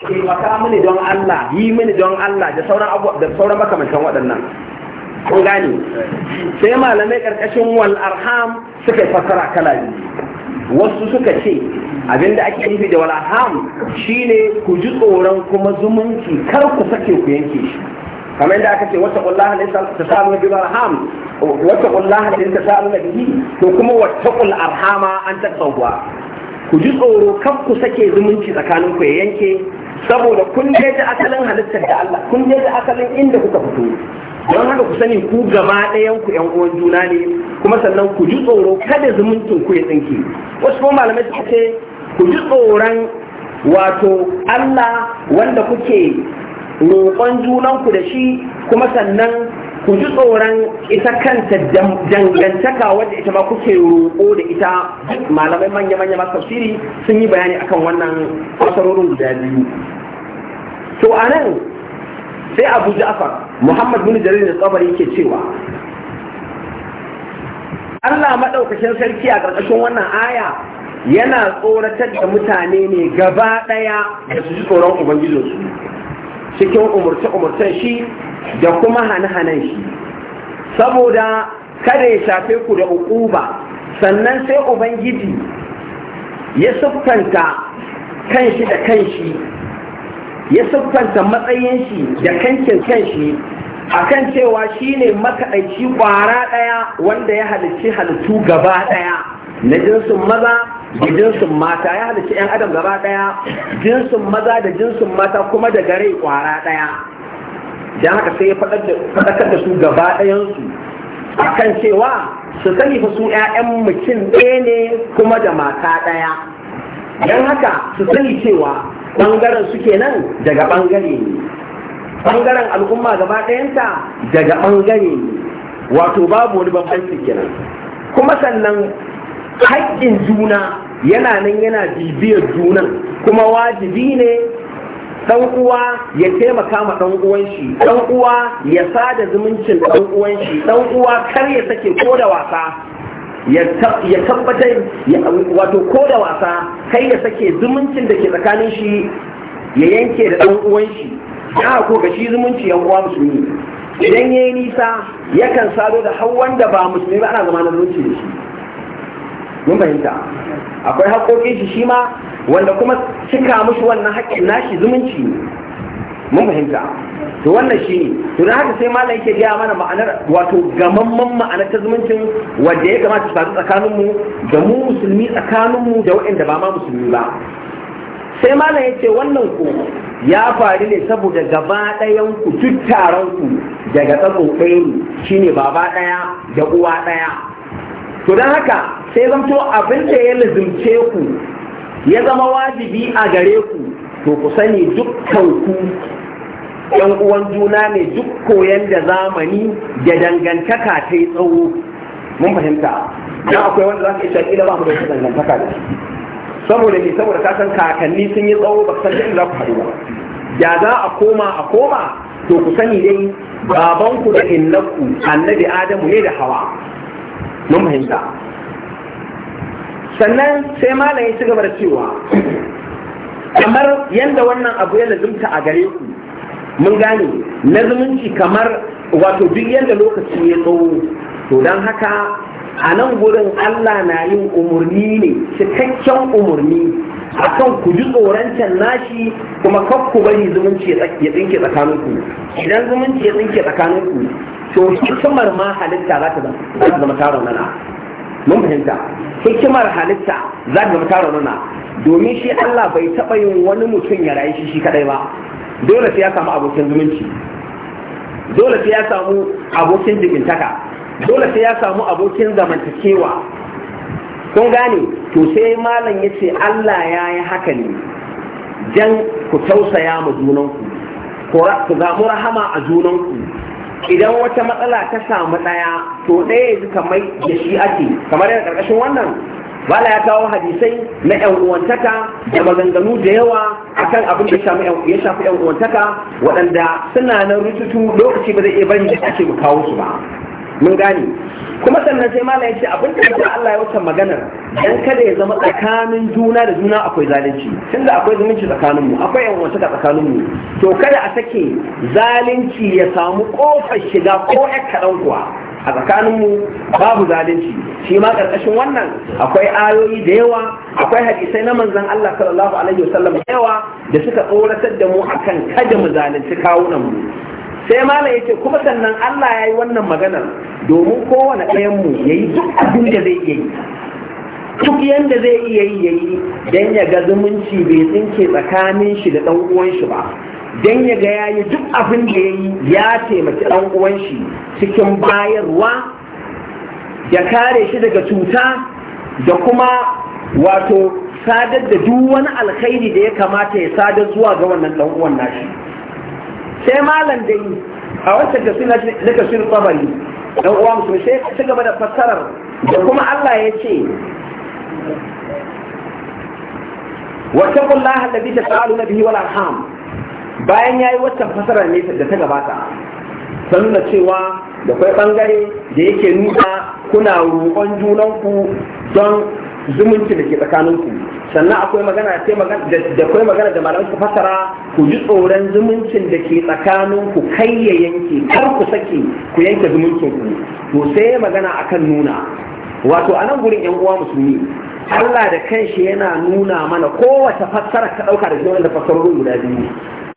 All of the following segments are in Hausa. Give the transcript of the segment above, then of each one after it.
taimaka mini don Allah yi mini don Allah da sauran abu da sauran makamantan waɗannan kun gani sai malamai karkashin wal arham suka fassara kala wasu suka ce abinda ake nufi da wal arham shine ku ji tsoron kuma zumunci kar ku sake ku yanke shi kamar yadda aka ce wata kullaha ne ta samu bi arham wata kullaha ne ta samu bihi to kuma wata kul arhama an ta ku ji tsoro kar ku sake zumunci tsakanin ku ya yanke saboda kun je da asalin halittar da Allah kun je da asalin inda kuka fito don haka ku sani ku gaba ɗayan ku ƴan uwan juna ne kuma sannan ku ji tsoro kada zumuncin ku ya tsinke wasu kuma malamai suka ce ku ji tsoron wato Allah wanda kuke roƙon junan ku da shi kuma sannan ku ji tsoron ita kanta dangantaka wadda ita ma kuke roƙo da ita malamai manya-manya masu tafsiri sun yi bayani akan wannan kwasarorin guda biyu to a nan sai abu ja'far muhammad bin jarir da tsabari ke cewa allah maɗaukacin sarki a ƙarƙashin wannan aya yana tsoratar da mutane ne gaba ɗaya da su ji tsoron ubangijinsu cikin umurce-umurcen shi da kuma hane-hanen shi saboda kada ya shafe ku da ukuba sannan sai ubangiji ya siffanta kanshi da kanshi ya siffanta matsayin shi da kankin kanshi akan cewa shine makaɗaici ƙwara ɗaya wanda ya halicci halittu gaba ɗaya na jinsin maza da jinsin mata ya halicci 'yan adam gaba daya jinsin maza da jinsin mata kuma da gare kwara daya don haka sai ya faɗakar da su gaba ɗayansu a kan cewa su sani fa su 'ya'yan mutum ɗaya ne kuma da mata ɗaya don haka su sani cewa ɓangaren su nan, daga ɓangare ne ɓangaren al'umma gaba dayanta daga ɓangare ne wato babu wani bambanci kenan kuma sannan haƙƙin juna yana nan yana bibiyar juna kuma wajibi ne ɗan uwa ya taimaka ma ɗan uwan shi ɗan uwa ya sada zumuncin ɗan uwan shi ɗan uwa kar ya sake ko da wasa ya tabbatar wato ko da wasa kai ya sake zumuncin da ke tsakanin shi ya yanke da ɗan uwan shi ya ko ga shi zumunci yan uwa musulmi idan ya yi nisa yakan sado da hau wanda ba musulmi ba ana zama na zumunci da shi mun fahimta akwai haƙoƙin shi shi ma wanda kuma cika mushi wannan haƙƙin nashi zumunci ne mun fahimta to wannan shi ne to na haka sai malam yake gaya mana ma'anar wato gamamman ma'anar ta zumuncin wanda ya kamata su faru tsakanin mu da mu musulmi tsakanin da waɗanda ba ma musulmi ba sai malam ya ce wannan ku ya faru ne saboda gaba ɗayan ku tuttaran ku daga tsatso ɗaya ne shine baba ɗaya da uwa ɗaya to don haka sai zamto abin da ya lazimce ku ya zama wajibi a gare ku to ku sani dukkan ku yan uwan juna ne duk koyan da zamani da dangantaka ta yi tsawo mun fahimta don akwai wanda za ka isa ila ba mu da dangantaka da saboda ne saboda ka san kakanni sun yi tsawo ba san inda za ku haɗu ba da za a koma a koma to ku sani dai babanku da innaku annabi adamu ne da hawa mun fahimta sannan sai malam ya ci gaba da cewa kamar yadda wannan abu ya lazumta a gare ku mun gane na zumunci kamar wato duk yadda lokaci ya tsawo to don haka a nan gurin Allah na yin umarni ne cikakken umarni a kan ku ji tsorancan nashi kuma kar ku bari zumunci ya tsinke tsakaninku idan zumunci ya tsinke tsakaninku to hikimar ma halitta za ta zama ta raunana mun fahimta hikimar halitta za ta zama ta raunana domin shi Allah bai taɓa yin wani mutum ya rayu shi shi kadai ba dole sai ya samu abokin zumunci dole sai ya samu abokin jibintaka dole sai ya samu abokin zamantakewa kun gane to sai malam ya ce Allah ya yi haka ne jan ku tausaya ma junanku ku zamu rahama a junanku idan wata matsala ta samu ɗaya to ɗaya yanzu kamar da shi ake kamar yana ƙarƙashin wannan bala ya kawo hadisai na yan uwantaka da maganganu da yawa akan abin da ya shafi yan uwantaka waɗanda suna nan rututu lokaci ba zai iya bari da ake mu kawo su ba mun gane kuma sannan sai mala ya ce abin da ya Allah ya wuce maganar dan kada ya zama tsakanin juna da juna akwai zalunci tunda akwai zumunci tsakanin mu akwai yan wata tsakanin mu to kada a sake zalunci ya samu kofar shiga ko ya kaɗan kuwa a tsakanin mu babu zalunci shi ma karkashin wannan akwai ayoyi da yawa akwai hadisai na manzon Allah sallallahu alaihi wasallam da yawa da suka tsoratar da mu akan kada mu zalunci kawunan mu sai malam yake kuma sannan Allah ya yi wannan maganar domin kowane ɗayan mu yi duk abin da zai iya yi duk yadda zai iya yi ya yi. dan ya ga zumunci bai tsinke tsakanin shi da ɗan shi ba dan ya ga ya yi duk abin da ya yi ya taimaki ɗan shi cikin bayarwa da kare shi daga cuta da kuma wato sadar da duk wani alkhairi da ya kamata ya sadar zuwa ga wannan ɗan uwan nashi sai malam dai a wata tafsir na tafsir tabari don uwa musu sai ci gaba da fassarar da kuma Allah ya ce ta الله na biyu wala ham bayan ya yi wata fassarar ne da ta gabata sun nuna cewa da kwai bangare da yake nuna kuna roƙon junanku don zumunci da ke tsakaninku sannan akwai magana sai magana da akwai magana da malamai ku fassara ku ji tsoron zumuncin da ke tsakaninku kai ya yanke kar ku saki ku yanke zumuncin ku to sai magana akan nuna wato a nan gurin yan uwa musulmi Allah da kanshi yana nuna mana kowace fassara ka dauka da jiran da fassarorin guda biyu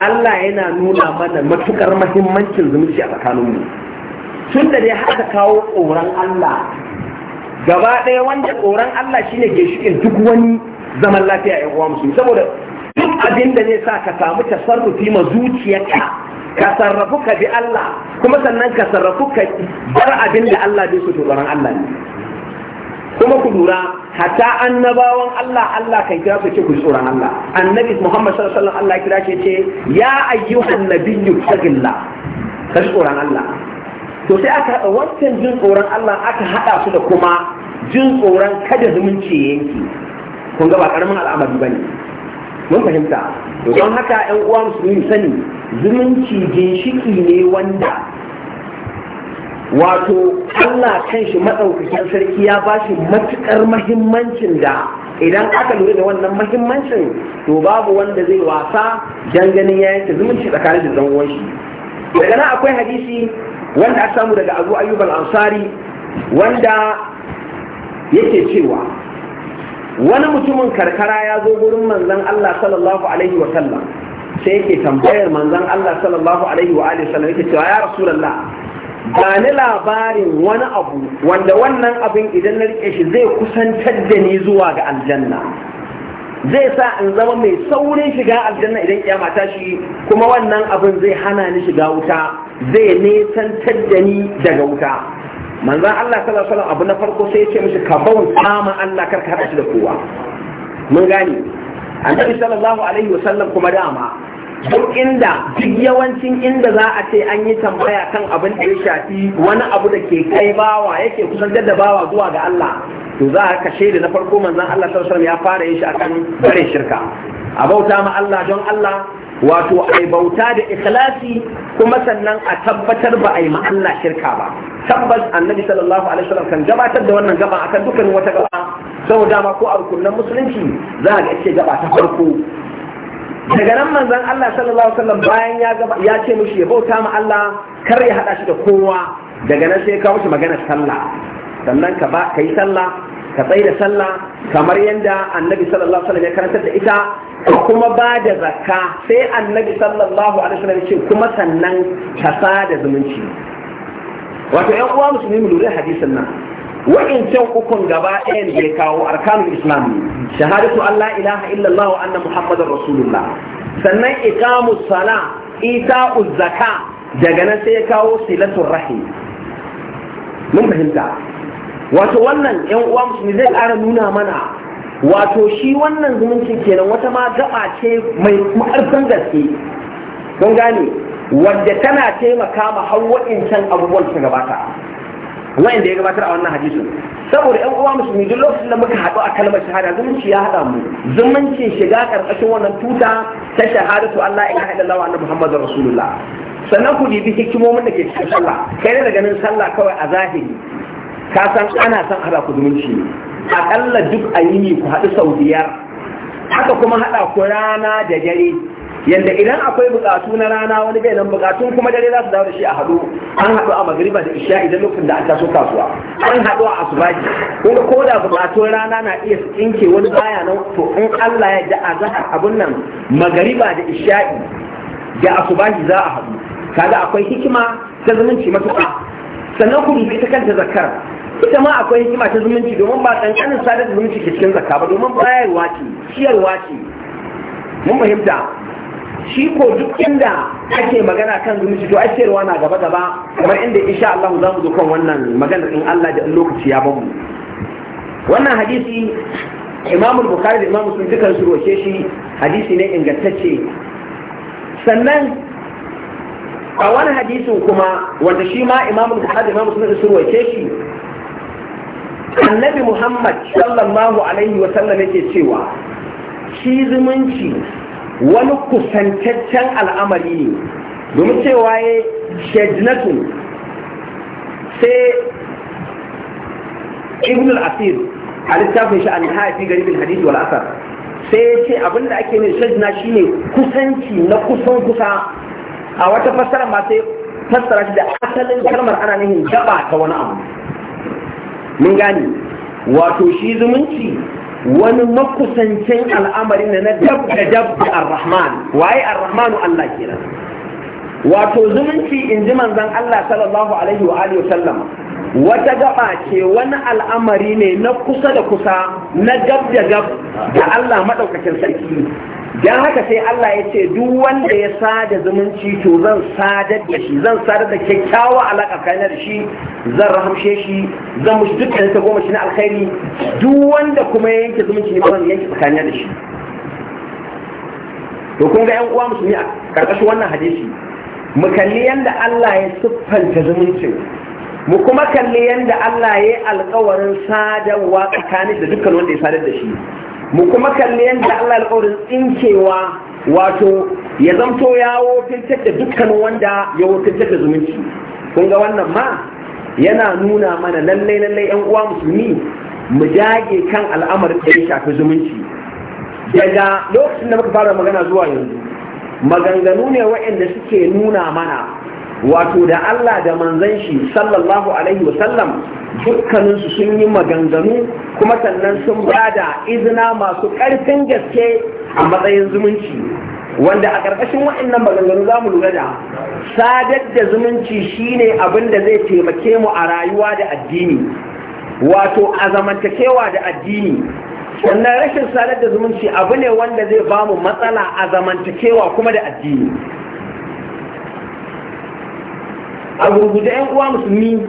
Allah yana nuna mana matukar muhimmancin zumunci a tsakaninmu tun da dai haka kawo tsoron Allah gaba ɗaya wanda tsoron Allah shine ne shikin duk wani zaman lafiya ya uwa musulmi saboda duk abin da sa ka samu tasarrufi ma zuciyarka ka sarrafu ka bi Allah kuma sannan ka sarrafu ka bar abin da Allah bai so tsoron Allah ne kuma ku lura hatta annabawan Allah Allah kan kira su ce ku tsoron Allah annabi Muhammad sallallahu alaihi wasallam Allah kira shi ce ya ayyuhan nabiyyu taqillah ka tsoron Allah to sai aka haɗa wancan jin tsoron Allah aka haɗa su da kuma jin tsoron kada zumunci yanki kun ga ba karamin al'amari bane mun fahimta to don haka ƴan uwa musulmi sani zumunci ginshiki ne wanda wato Allah kanshi madaukakin sarki ya bashi matukar mahimmancin da idan aka lura da wannan mahimmancin to babu wanda zai wasa dan ganin ya yanke zumunci tsakanin da dan uwan shi daga nan akwai hadisi wanda aka samu daga abu ayyub al wanda yake cewa wani mutumin karkara ya zo gurin manzan Allah sallallahu alaihi wa sai yake tambayar manzan Allah sallallahu alaihi wa yake cewa ya rasulullah ba ni labarin wani abu wanda wannan abin idan na rike shi zai kusantar da ni zuwa ga aljanna zai sa in zama mai saurin shiga aljanna idan ya ta shi kuma wannan abin zai hana ni shiga wuta zai nesantar da ni daga wuta manzan Allah sallallahu alaihi abu na farko sai ya ce mishi ka bauta ma Allah kar ka hada shi da kowa mun gane annabi sallallahu alaihi wasallam kuma dama duk inda duk yawancin inda za a ce an yi tambaya kan abin da ya shafi wani abu da ke kai bawa yake kusantar da bawa zuwa ga Allah to za a kashe da na farko manzon Allah sallallahu alaihi ya fara yin shi akan bare shirka a bauta ma Allah don Allah wato a bauta da ikhlasi kuma sannan a tabbatar ba a yi Allah shirka ba tabbas annabi sallallahu alaihi wasallam kan gabatar da wannan gaba akan dukkan wata gaba saboda ma ko a rukunan musulunci za a ga ce gaba ta farko daga nan manzon Allah sallallahu alaihi wasallam bayan ya gaba ya ce mishi ya bauta ma Allah kar ya hada shi da kowa daga nan sai ya kawo shi maganar sallah sannan ka ba ka yi sallah ka tsaye da sallah kamar yadda annabi sallallahu alaihi wasallam ya karantar da ita kuma ba da zakka sai annabi sallallahu alaihi wasallam ce kuma sannan ka sada zumunci wato yan uwa musulmi mu lura hadisin nan wa'incan ukun gaba ɗayan da ya kawo arkanun islam shahadatu allah ilaha illallah wa anna muhammadar rasulullah sannan iqamus sala ita'uz zakka daga nan sai ya kawo silatul rahim mun fahimta wato wannan yan zai ƙara nuna mana wato shi wannan zumuncin kenan wata ma gaba ce mai makarfin gaske kun gane wadda tana taimaka ma har wa'incan abubuwan su gabata wa'inda ya gabatar a wannan hadisu. saboda yan uwa musulmi duk lokacin da muka haɗu a kalmar shahada zumunci ya haɗa mu zumuncin shiga ƙarƙashin wannan tuta ta shahada to Allah ya haɗa lawa na Muhammadur Rasulullah sannan ku dibi hikimomin da ke cikin sallah kai daga ganin sallah kawai a zahiri ka san ana son haɗa ku zumunci aƙalla duk a ku haɗu sau biyar haka kuma haɗa ku rana da dare yanda idan akwai buƙatu na rana wani bai nan buƙatun kuma dare za su dawo da shi a haɗu an haɗu a magariba da isha idan lokacin da an taso kasuwa an haɗu a asubaji kuma ko da buƙatun rana na iya su tsinke wani baya nan to in Allah ya da azhar abun nan magariba da isha'i da asubaji za a haɗu kaga akwai hikima ta zumunci matuƙa sannan ku dubi ta kanta zakar ita ma akwai hikima ta zumunci domin ba kankanin sadar da zumunci ke cikin zakka ba domin bayarwa ce ciyarwa ce mun fahimta shi ko duk inda ake magana kan zumunci to ciyarwa na gaba gaba kamar inda insha Allah za mu zo kan wannan magana in Allah da lokaci ya bamu wannan hadisi Imam Bukhari da Imam Muslim dukkan su roke shi hadisi ne ingantacce sannan a wani hadisin kuma wanda shi ma Imam Bukhari da Imam Muslim su roke shi annabi muhammad sallallahu alaihi wasallam yake cewa shi zumunci wani kusantaccen al'amari ne domin cewa ya shajnatun sai ibn al-asir a littafin shi an haifi garibin hadisi wal asar sai ya ce abinda ake mai shajna shine kusanci na kusan kusa a wata fassara ma sai fassara shi da asalin kalmar ana nihin gaba ta wani abu mun gane wato shi zumunci wani makusancin al'amari na dab da dab da ar-rahman waye ar-rahmanu Allah kenan wato zumunci in ji manzon Allah sallallahu alaihi wa alihi wa sallama wata gaba ce wani al'amari ne na kusa da kusa na gab da gab da Allah maɗaukakin sarki don haka sai Allah ya ce duk wanda ya sada zumunci to zan sadar da shi zan sadar da kyakkyawa alaƙa kaina da shi zan rahamshe shi zan mushi duk ta goma shi na alkhairi duk wanda kuma ya yanke zumunci ne zan yanke tsakanin da shi to kun ga 'yan uwa musulmi a ƙarƙashin wannan hadisi mu kalli yadda Allah ya siffanta zumuncin mu kuma kalli yadda Allah ya yi alkawarin sadarwa tsakanin da dukkan wanda ya sadar da shi mu kuma kalli yadda Allah alkawarin tsinkewa wato ya zamto ya wakiltar da dukkan wanda ya wakiltar da zumunci kun ga wannan ma yana nuna mana lallai lallai yan uwa musulmi mu jage kan al'amarin da ya shafi zumunci daga lokacin da muka fara magana zuwa yanzu maganganu ne waɗanda suke nuna mana wato da Allah da manzan shi sallallahu alaihi wasallam dukkaninsu sun yi maganganu kuma sannan sun bada izina masu ƙarfin gaske a matsayin zumunci wanda a ƙarƙashin waɗannan maganganu za mu lura da sadar da zumunci shine abin da zai taimake mu a rayuwa da addini wato a zamantakewa da addini sannan rashin sadar da zumunci abu ne wanda zai ba mu matsala a zamantakewa kuma da addini a rubuta yan uwa musulmi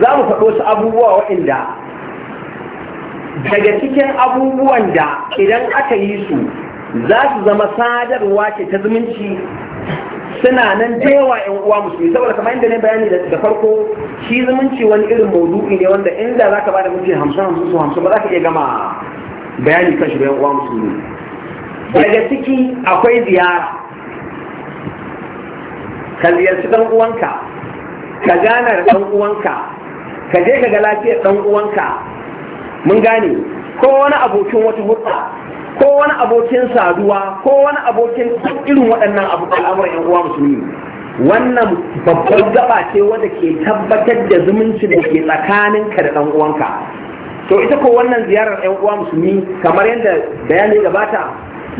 za mu faɗo su abubuwa waɗanda daga cikin abubuwan da idan aka yi su za su zama sadarwa ce ta zumunci suna nan da yawa yan uwa musulmi saboda kamar inda ne bayani da farko shi zumunci wani irin maudu'i ne wanda inda za ka da mutum hamsin hamsin su hamsin ba za ka iya gama bayani kan shi yan uwa musulmi daga ciki akwai ziyara ka ziyarci dan uwanka ka gana da ɗan uwanka ka je ka ga lafiyar ɗan uwanka mun gane ko wani abokin wata hurɗa ko wani abokin saduwa ko wani abokin irin waɗannan abu al'amuran yan uwa musulmi wannan babban gaba ce wanda ke tabbatar da zumunci da ke tsakanin ka da ɗan uwanka to ita ko wannan ziyarar yan uwa musulmi kamar yadda bayani gabata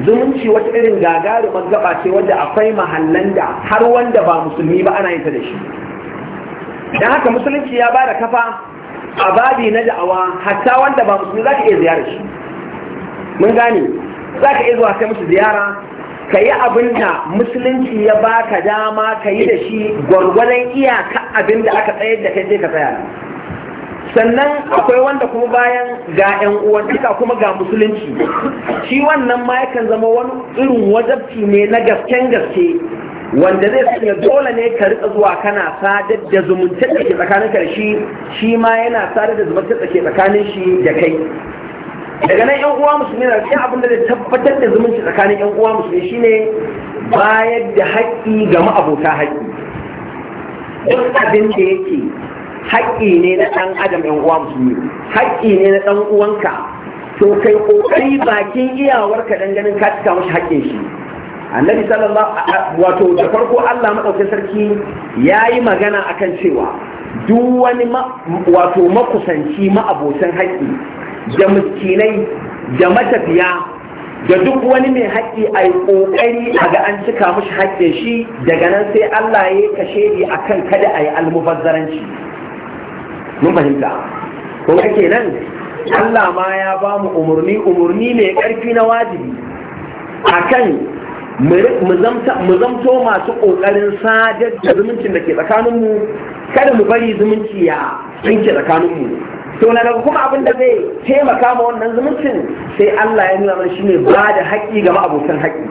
zumunci wata irin gagarumar gaba ce wanda akwai mahallan da har wanda ba musulmi ba ana yin ta da shi don haka musulunci ya ba da kafa a babi na da'awa hatta wanda ba musulun za ka iya ziyarar shi mun gane za ka iya zuwa sai musu ziyara ka yi abin musulunci ya ba ka dama ka yi da shi gwargwadon iyaka abin da aka tsayar da kai sai ka tsaya sannan akwai wanda kuma bayan ga 'yan duka kuma ga musulunci shi wannan ma yakan zama wani irin wajabci ne na gasken gaske wanda zai sanya dole ne ka rika zuwa kana sadar da zumuntar da ke tsakanin ka shi shi ma yana sadar da zumuntar da ke tsakanin shi da kai daga nan yan uwa musulmi na cikin abin da zai tabbatar da zumunci tsakanin yan uwa musulmi shine bayar da haƙƙi ga ma'abota haƙƙi duk abin da yake haƙƙi ne na ɗan adam yan uwa musulmi haƙƙi ne na ɗan uwanka to kai ƙoƙari bakin iyawarka dan ganin ka cika mashi haƙƙin shi annabi sallallahu wato da farko Allah madaukakin sarki yayi magana akan cewa duk wani wato makusanci ma'abocin haƙƙi da miskinai da matafiya da duk wani mai haƙƙi a yi ƙoƙari a ga an cika mashi haƙƙin shi daga nan sai Allah ya yi kashedi a kan kada a yi almubazzaranci mun fahimta ko kake nan Allah ma ya ba mu umarni umarni mai ƙarfi na wajibi akan mu zamto masu ƙoƙarin sadar da zumuncin da ke tsakaninmu kada mu bari zumunci ya tsinke tsakaninmu to na daga kuma abin da zai taimaka ma wannan zumuncin sai Allah ya nuna mana shine ba da haƙƙi ga ma'abokan haƙƙi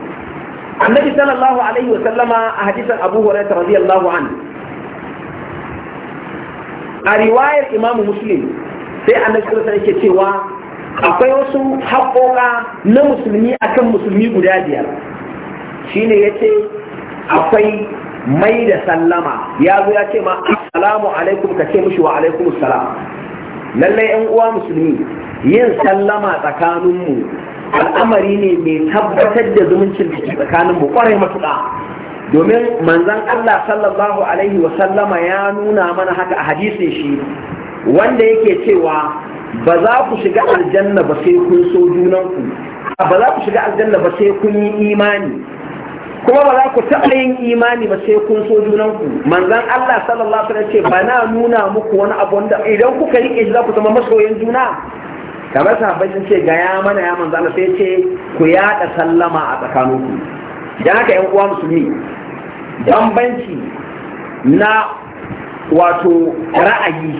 annabi sallallahu alaihi wa sallama a hadisin abu hurairah radiyallahu an a riwayar imamu muslim sai annabi sallallahu alaihi yake cewa akwai wasu haƙoƙa na musulmi akan musulmi guda biyar shine yace akwai mai da sallama ya zo ya ce ma assalamu alaikum ka ce mishi wa alaikum salam lallai yan uwa musulmi yin sallama tsakaninmu al'amari ne mai tabbatar da zumuncin da tsakaninmu kwarai matuƙa domin manzon Allah sallallahu alaihi wa sallama ya nuna mana haka a hadisin shi wanda yake cewa ba za ku shiga aljanna ba sai kun so junanku ba za ku shiga aljanna ba sai kun yi imani kuma ba za ku taɓa yin imani ba sai kun so junan ku manzan Allah sallallahu alaihi wasallam ce ba na nuna muku wani abu da idan kuka rike za ku zama masoyan juna kamar sahabbai sun ce ga ya mana ya manzan Allah sai ce ku yaɗa sallama a tsakaninku dan haka ƴan uwa musulmi bambanci na wato ra'ayi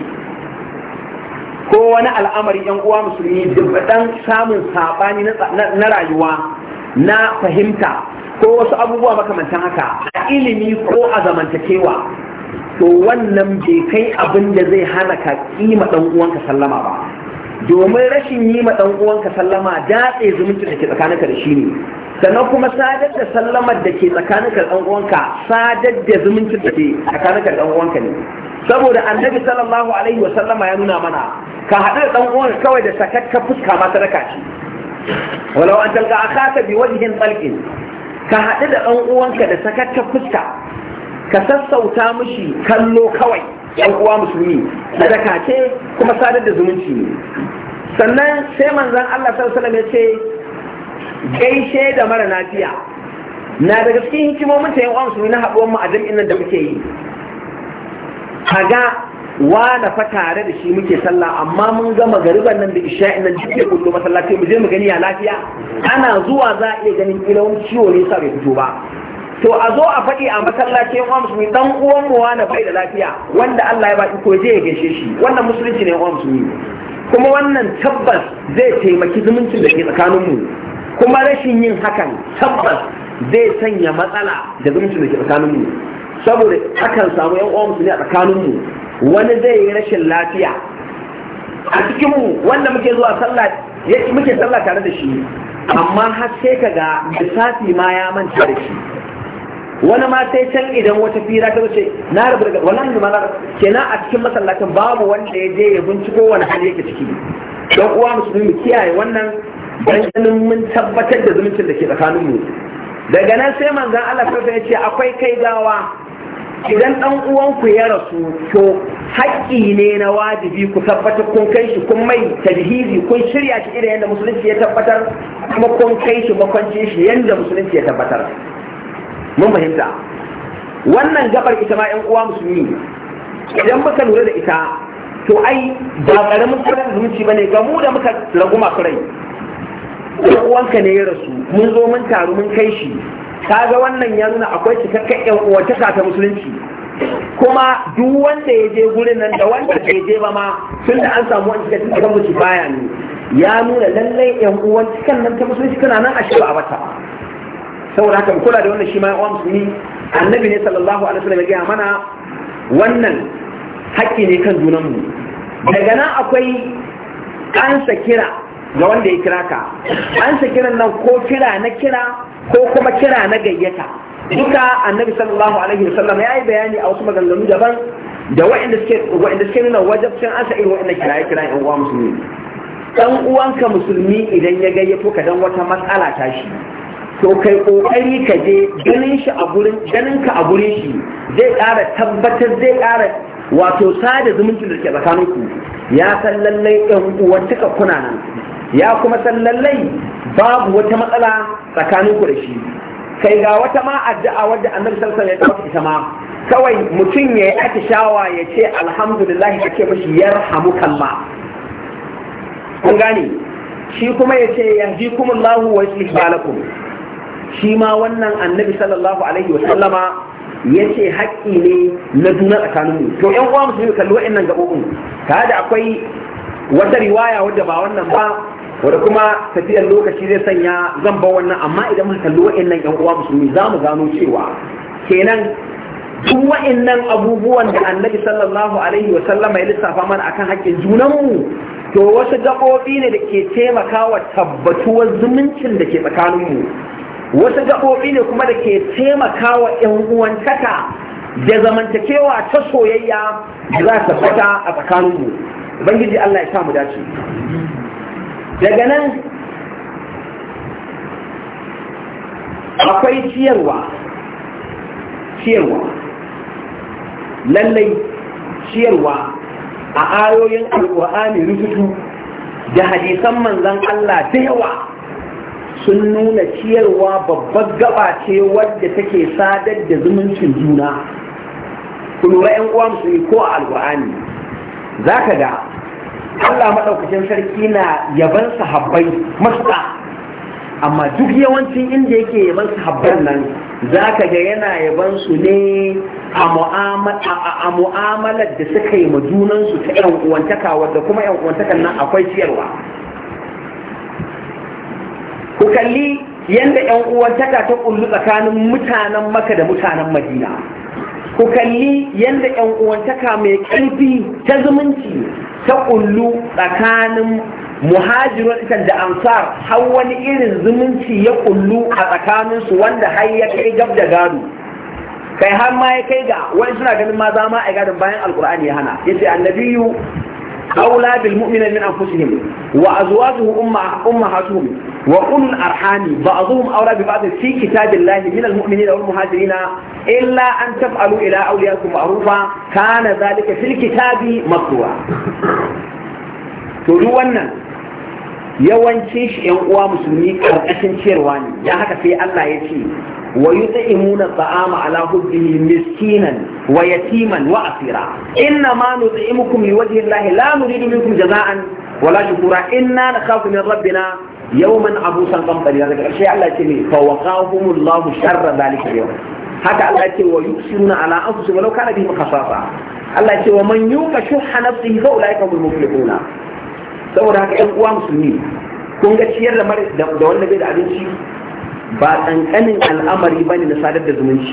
ko wani al'amari ƴan uwa musulmi dan samun sabani na rayuwa na fahimta ko wasu abubuwa makamantan haka a ilimi ko a zamantakewa to wannan bai kai abin da zai hana ka kima dan uwanka sallama ba domin rashin yi ma dan uwanka sallama datse zumunci da ke tsakaninka da shi ne sannan kuma sadar da sallamar da ke tsakaninka da uwanka sadar da zumunci da ke tsakaninka da uwanka ne saboda annabi sallallahu alaihi wa sallama ya nuna mana ka haɗu da dan uwanka kawai da sakakka fuska ma sadaka ce walau an talqa akhaka bi wajhin talqin ka haɗu da ɗan uwanka da sakakka fuska ka sassauta mishi kallo kawai yan uwa musulmi ce kuma sadar da zumunci ne sannan sai manzan Allah sallallahu alaihi ya ce gaishe da mara lafiya na daga cikin hikimomin ta yan uwa musulmi na haɗuwar mu a jami'in nan da muke yi kaga Wa na fa tare da shi muke sallah amma mun gama magariban nan da isha'in nan duk kullu masallaci mu je mu gani ya lafiya ana zuwa za a iya ganin ilawun ciwo ne sa bai fito ba to a zo a faɗi a masallacin wa musulmi dan uwan mu na bai da lafiya wanda Allah ya ba ko je ya gaishe shi wannan musulunci ne wa musulmi kuma wannan tabbas zai taimaki zumuncin da ke tsakanin mu kuma rashin yin hakan tabbas zai sanya matsala da zumuncin da ke tsakanin mu saboda akan samu yan uwan musulmi a tsakaninmu wani zai yi rashin lafiya a cikinmu wanda muke zuwa sallah muke sallah tare da shi amma har sai ka ga lissafi ma ya manta da shi wani ma sai can idan wata fira ta wuce na rabu daga wallahi ma na kenan a cikin masallacin babu wanda ya je ya binciko wani hali yake ciki don uwa musulmi mu kiyaye wannan dan mun tabbatar da zumuncin da ke tsakaninmu daga nan sai manzon Allah sai ya ce akwai kai gawa idan ɗan uwanku ya rasu to haƙƙi ne na wajibi ku tabbatar kun kai shi kun mai tajhizi kun shirya shi irin yadda musulunci ya tabbatar kuma kun kai shi makwancin shi yadda musulunci ya tabbatar mun fahimta wannan gabar ita ma ƴan uwa musulmi idan muka lura da ita to ai ba ƙaramin da zumunci bane ga mu da muka ragu kurai rai uwanka ne ya rasu mun zo mun taru mun kai shi kaga wannan ya nuna akwai cikakken yan uwantaka ta musulunci kuma duk wanda ya je gurin nan da wanda ke je ba ma tun da an samu wani cikakken cikin musu baya ne ya nuna lallai yan cikin nan ta musulunci kana nan a shiru a wata. saboda haka kula da wannan shi ma yan musulmi annabi ne sallallahu alaihi wasallam ya gaya mana wannan haƙƙi ne kan mu. daga nan akwai ansa kira ga wanda ya kira ka ansa kiran nan ko kira na kira ko kuma kira na gayyata duka annabi sallallahu alaihi wasallam ya bayani a wasu maganganu daban da waɗanda suke wa'anda suke nuna wajabcin an sa'i waɗanda kiraye kiraye uwa musulmi dan uwanka musulmi idan ya gayyato ka dan wata matsala ta shi to kai kokari ka je ganin shi a gurin ganin ka a gurin shi zai ƙara tabbatar zai ƙara wato sada zumuncin da ke tsakaninku ya san lallai ɗan uwantaka kuna nan ya kuma san lallai babu wata matsala tsakanin ku da shi kai ga wata ma addu'a wadda annabi sallallahu alaihi wasallam ya ita ma kawai mutum ya yi atishawa ya ce alhamdulillah ya ce mashi yarhamukallah kun gane shi kuma ya ce yahdikumullahu wa yuslih balakum shi ma wannan annabi sallallahu alaihi wasallama ya ce haƙƙi ne na juna mu? to ƴan uwa musulmi kalli wa'annan gaɓoɓin Ta da akwai wata riwaya wadda ba wannan ba wadda kuma tafiyar lokaci zai sanya zan ba wannan amma idan muka kalli wa'annan yan uwa musulmi za mu gano cewa kenan duk wa'annan abubuwan da annabi sallallahu alaihi wa sallama ya lissafa mana akan haƙƙin junanmu to wasu gaɓoɓi ne da ke taimakawa tabbatuwar zumuncin da ke tsakaninmu wasu gaɓoɓi ne kuma da ke taimakawa ‘yan uwantaka da zamantakewa ta soyayya da za ta fata a tsakaninmu ubangiji Allah ya sa dace daga nan akwai ciyarwa ciyarwa lallai ciyarwa a ayoyin alƙur'ani rubutu da hadisan manzan Allah ta yawa sun nuna ciyarwa babbar gaba ce wadda take sadar da zumuncin juna ku lura 'yan uwa musulmi ko a alƙur'ani za ka ga Allah maɗaukacin sarki na yaban sahabbai masuka amma duk yawancin inda yake yaban sahabban nan za ka ga yana yaban su ne a mu'amalar da suka yi ma junansu ta yan uwantaka wadda kuma yan nan akwai ciyarwa ku kalli yadda yan uwantaka ta kullu tsakanin mutanen maka da mutanen madina ku kalli yadda ‘yan uwantaka mai ƙarfi ta zumunci ta ƙullu tsakanin muhajirun ita da amsar har wani irin zumunci ya ƙullu a tsakaninsu wanda har ya kai gab da gado kai har ma ya kai ga wani suna ganin ma za ma a gadon bayan alkur'ani ya hana yace annabiyu aula bil mu'mina min anfusihim wa azwajuhu umma ummahatuhum wa ulul arhami ba'dhum aula bi ba'd fi kitabillahi min al mu'minina wal muhajirina illa an taf'alu ila awliyakum ma'rufa kana zalika fil kitabi maktuba to duk wannan yawancin shi yan uwa musulmi karkashin ciyarwa ne ya haka sai Allah ya ce wa yut'imuna ta'ama ala hubbihi miskinan wa yatiman wa asira inna ma nut'imukum liwajhi Allah la nuridu jaza'an wala shukura inna nakhafu min rabbina yawman abusan qamtariyar daga ƙarshe Allah ce ne fa waqahumullahu sharra zalika yau. haka Allah ya ce wa yusiruna ala anfusi walau kana bihim khasasa Allah ya ce wa man yuka shuhha nafsihi fa ulaika hum muflihuna saboda haka ƴan uwa musulmi kun ga ciyar da mare da wanda bai da abinci ba tsankanin al'amari bane na sadar da zumunci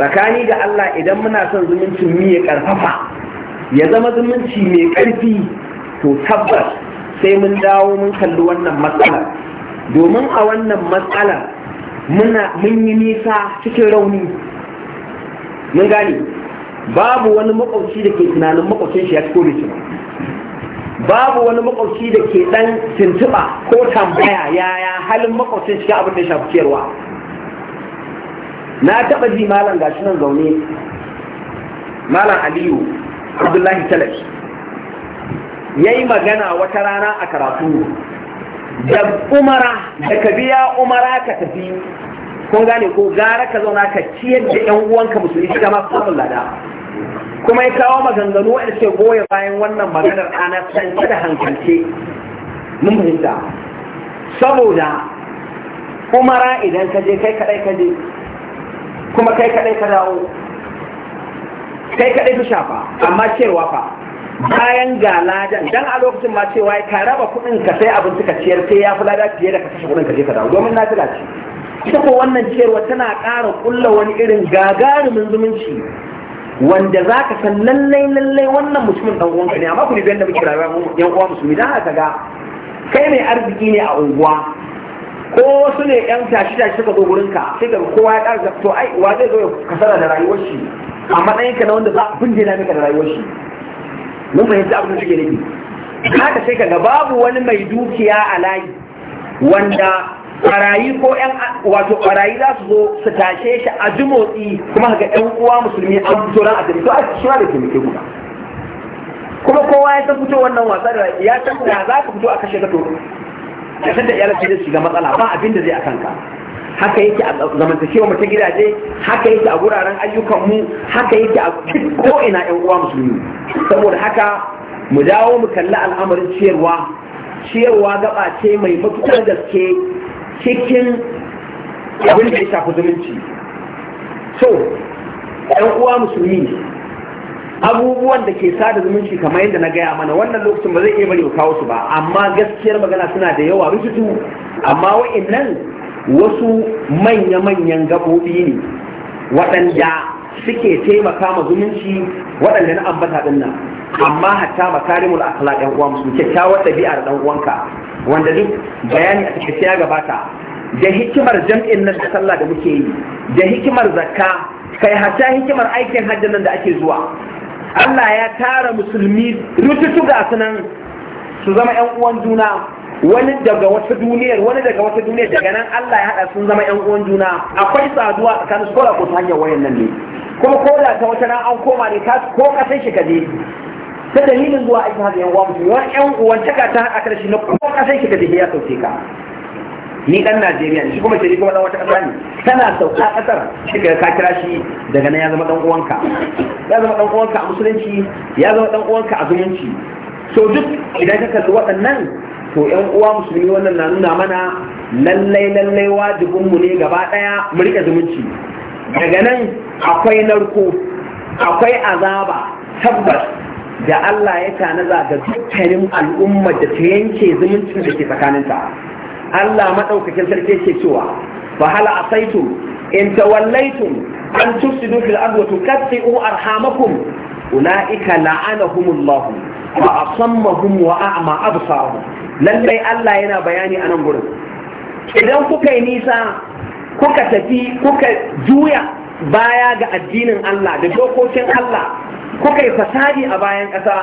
tsakani da Allah idan muna son zumuncin mu ya karfafa ya zama zumunci mai karfi to tabbas sai mun dawo mun kalli wannan matsalar domin a wannan matsalar muna mun yi nisa cikin rauni mun gane babu wani makwabci da ke tunanin makwabcin shi ya ci kore shi babu wani makwabci da ke dan tuntuɓa ko tambaya yaya halin makwabcin shi abin da ya shafi ciyarwa na taɓa ji malam gashi nan zaune malam aliyu abdullahi talash ya yi magana wata rana a karatu da umara da ka biya umara ka tafi kun gane ko gara ka zauna ka ciyar da yan uwanka musulmi shi ma su lada kuma ya kawo maganganu wanda ce, goya bayan wannan maganar ana sanke da hankalce mun fahimta saboda umara idan ka je kai kadai ka je kuma kai kadai ka dawo kai kadai ka shafa amma ciyarwa fa bayan ga ladan dan a lokacin ma cewa ka raba kuɗin ka sai abin ka ciyar sai ya fi lada fiye da ka kashe kuɗin ka je ka dawo domin na jira ce ita ko wannan ciyarwa tana ƙara ƙulla wani irin gagarumin zumunci wanda za ka san lallai lallai wannan mutumin ɗan uwanka ne amma ku ne bayan da muke rayuwa yan uwa musulmi dan haka ga kai mai arziki ne a unguwa ko wasu ne yan tashi tashi suka zo gurin ka sai ga kowa ya ƙara to ai wa zai zo ya kasara da rayuwar shi a matsayinka na wanda za a bindina maka da rayuwar shi mun fahimci abin da suke nufi haka sai kaga babu wani mai dukiya a layi wanda barayi ko yan wato barayi za su zo su tashe shi a jimotsi kuma ga ƴan uwa musulmi an fito ran a tafi to a shi da muke guda kuma kowa ya san fito wannan wasa da ya san da za ka fito a kashe ka to ka san da iyalan su shiga matsala ba abin da zai a kanka haka yake a zamantakewa mace gidaje haka yake a guraren ayyukanmu haka yake a ko ina yan uwa musulmi saboda haka mu dawo mu kalli al'amarin ciyarwa ciyarwa gaba ce mai matuƙar gaske cikin abin da ya shafi zumunci so yan uwa musulmi abubuwan da ke sada zumunci kamar yadda na gaya mana wannan lokacin ba zai iya bari kawo su ba amma gaskiyar magana suna da yawa rikitu, amma wa'in nan. wasu manya-manyan gabobi ne waɗanda suke taimaka ma zumunci waɗanda na ambata ɗin nan amma hatta makarimul akhlaq ɗan uwa musu kyakkyawar ɗabi'ar ɗan uwanka wanda duk bayani a cikin ya gabata da hikimar jam'in nan da sallah da muke yi da hikimar zakka kai hatta hikimar aikin hajjin nan da ake zuwa Allah ya tara musulmi rututu ga sunan su zama ƴan uwan juna wani daga wata duniyar wani daga wata duniyar daga nan Allah ya hada sun zama yan uwan juna akwai saduwa tsakanin su ko ko ta hanyar wayan nan ne kuma ko da ta wata nan an koma ne ta ko kasan shi kaje ta dalilin zuwa aikin haka yan uwa mutum wani yan uwan ta ta hada karshe na ko kasan shi kaje ya sauke ka ni dan Najeriya ne shi kuma shi kuma dan wata kasa ne kana sauka kasar shi ka ka kira shi daga nan ya zama dan uwanka ya zama dan uwanka a musulunci ya zama dan uwanka a zumunci so duk idan ka kalli waɗannan to yan uwa musulmi wannan na nuna mana lallai lallai wajibinmu ne gaba ɗaya mu riƙe zumunci daga nan akwai narko akwai azaba tabbas da Allah ya tanaza ga dukkanin al'umma da ta yanke zumuncin da ke tsakaninta Allah maɗaukakin sarki yake cewa fa hala asaitum in tawallaitum an tusidu fil ardi wa tuqatti'u arhamakum ulaika la'anahumullahu wa asammahum wa a'ma absarahum lallai Allah yana bayani a nan gurin idan kuka yi nisa kuka tafi kuka juya baya ga addinin Allah da dokokin Allah kuka yi fasadi a bayan ƙasa